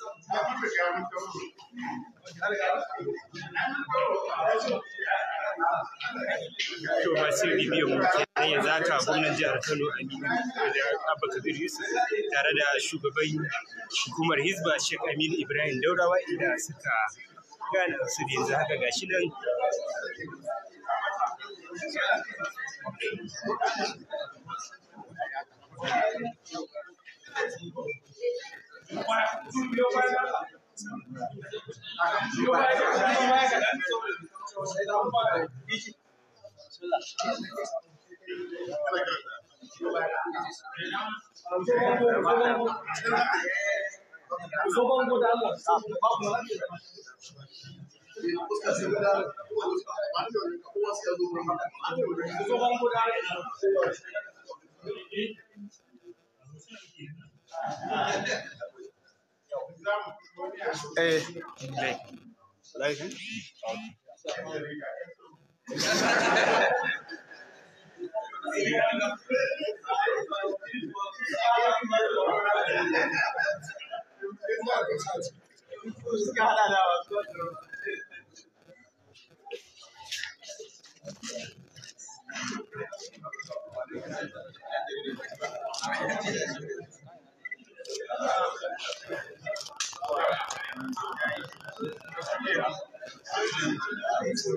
To masu bibiyar mu kenan yanzu haka gwamnan jihar Kano Aminu da Abba Kabir Yusuf tare da shugaban hukumar Hizba Sheikh Aminu Ibrahim Daurawa inda suka gane su yanzu haka gashi nan Thank you. sun biyo bayan Allah biyo bayan Thank you. Eh. Laifi? Thank you. Wallahi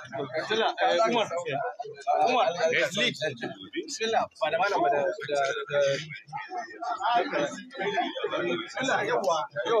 Eh, Umar, Umar, Leslie, eh, Bismillah, pada mana pada Bismillah, yawa, yawa, yawa,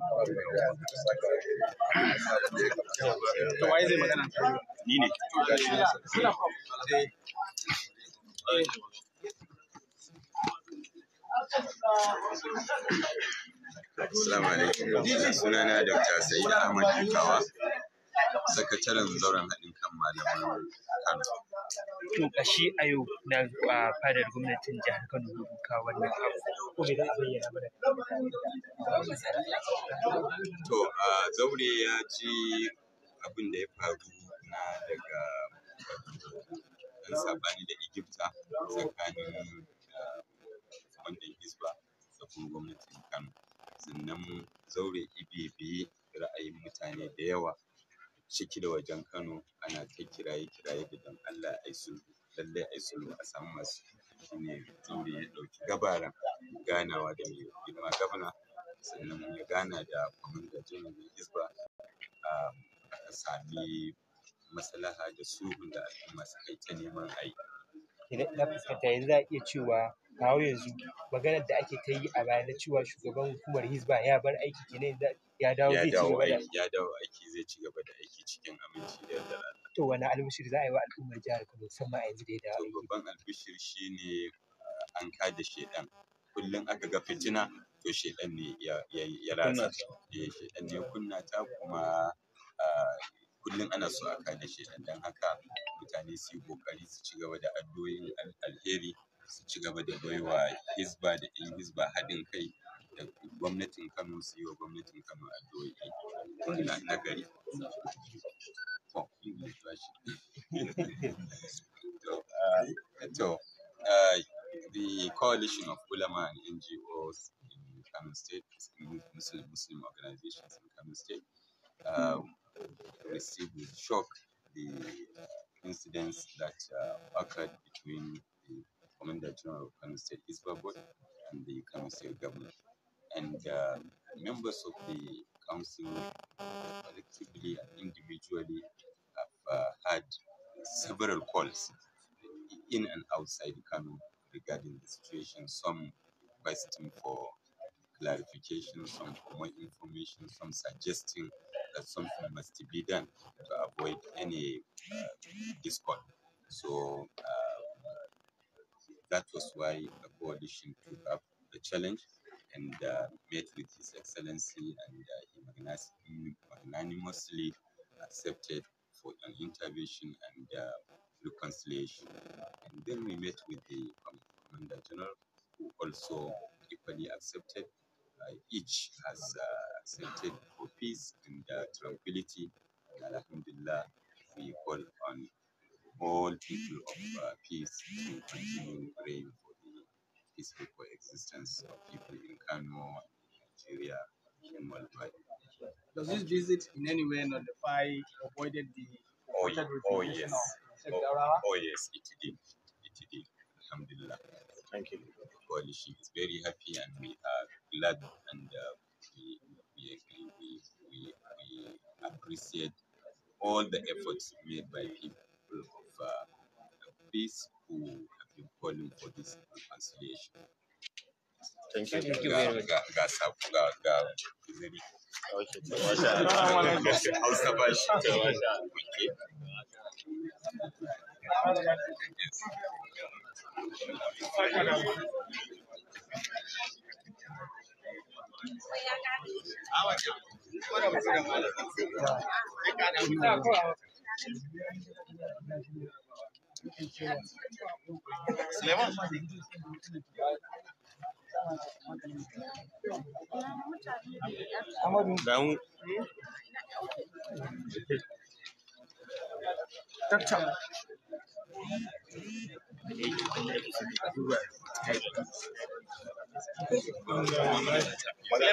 To waye zai magana? Ni ne. Assalamu alaikum. Sunana Dr. Sa'ida Ahmad sakataren zauren haɗin kan malaman Kano. To kashi a yau na ah, fadar gwamnatin jihar Kano rubuka wannan abu. a To, zaure ya ji abin da ya faru na daga ɗan sabani da Egypta tsakanin kwamandan ah, Hisba da kuma gwamnatin Kano. Sannan zaure ibebe ra'ayin mutane da yawa ciki da wajen Kano ana ta kiraye kiraye da don Allah lallai ai a samu masu shine Zaure ya ɗauki gabaran ganawa da mai girma gabna sannan ya gana da kwamanda mai hizba ah, a sami maslaha da sulhun da al'umma ta neman aiki. na fuskanta yanzu za a iya cewa kawo yanzu maganar da ake ta yi a baya na cewa shugaban hukumar Hisba ya bar aiki kenan yanzu ya dawo zai ci gaba da ya dawo aiki zai ci gaba da aiki cikin aminci da yardar Allah. To wani albishir za a yi wa al'ummar jihar Kano musamman a yanzu da ya dawo aiki. Babban albishir shine ah, an kada shedan kullum aka ga fitina to shedan ne ya ratsa eh, shedan ne kunna ta kuma ah, kullum ana so a kada shedan don haka mutane su yi ƙoƙari su ci gaba da addu'o'in alheri su ci gaba da baiwa Hizba da 'yan Hisba haɗin kai da gwamnatin Kano su yi wa gwamnatin Kano addu'o'i na gari. To, uh, the coalition of ulama and NGOs in Kano State, Muslim, Muslim organizations in Kano State, um, received with shock the uh, incidents that uh, occurred between the Commander General of Kano State Hisba Board and the Kano State government. And uh, members of the council, collectively and individually, have uh, had several calls in and outside Kano regarding the situation, some requesting for clarification, some for more information, some suggesting that something must be done to avoid any uh, discord. So uh, that was why the coalition took up the challenge and uh, met with His Excellency, and uh, he magnanimously accepted for an intervention and uh, reconciliation. And then we met with the Commander General, who also equally accepted uh, each has uh, accepted for peace and uh, tranquility. And Alhamdulillah, we call on all people of peace to continue praying for the peaceful coexistence of people in Kano, Nigeria, and worldwide. Does this visit in any way notify, avoided the oh, oh yes. Oh, oh, yes, it did. It did. Alhamdulillah. Thank you. The coalition is very happy and we are glad and uh, we, we, we, we, we appreciate all the efforts made by people of uh, peace who have been calling for this reconciliation. Thank you. Thank you very much. Suleiman. Amadu. Thank you.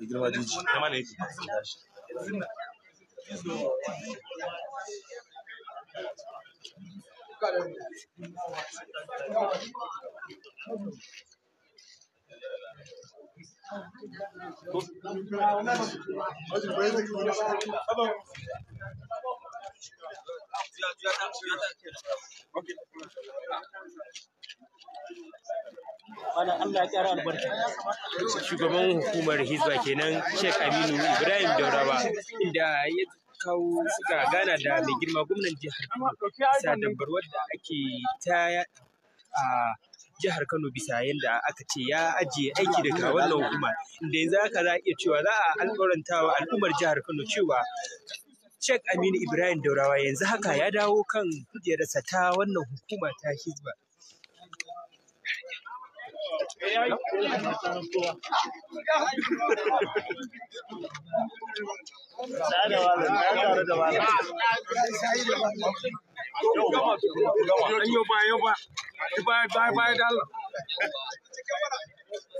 hidroladite permanente. Caramba. Shugaban hukumar Hizba kenan Sheikh Aminu Ibrahim Daurawa, inda ya kawo suka gana da mai girma gwamnan jihar Kano bisa ake ta a jihar Kano bisa yadda aka ce ya ajiye aiki daga wannan hukuma inda yanzu aka za a iya cewa za a alƙawarantawa al'ummar jihar Kano cewa Sheikh Aminu Ibrahim Daurawa yanzu haka ya dawo kan kujerarsa ta wannan hukuma ta Hizba. Yau ba, yau ba, yau ba, bye bye, bye,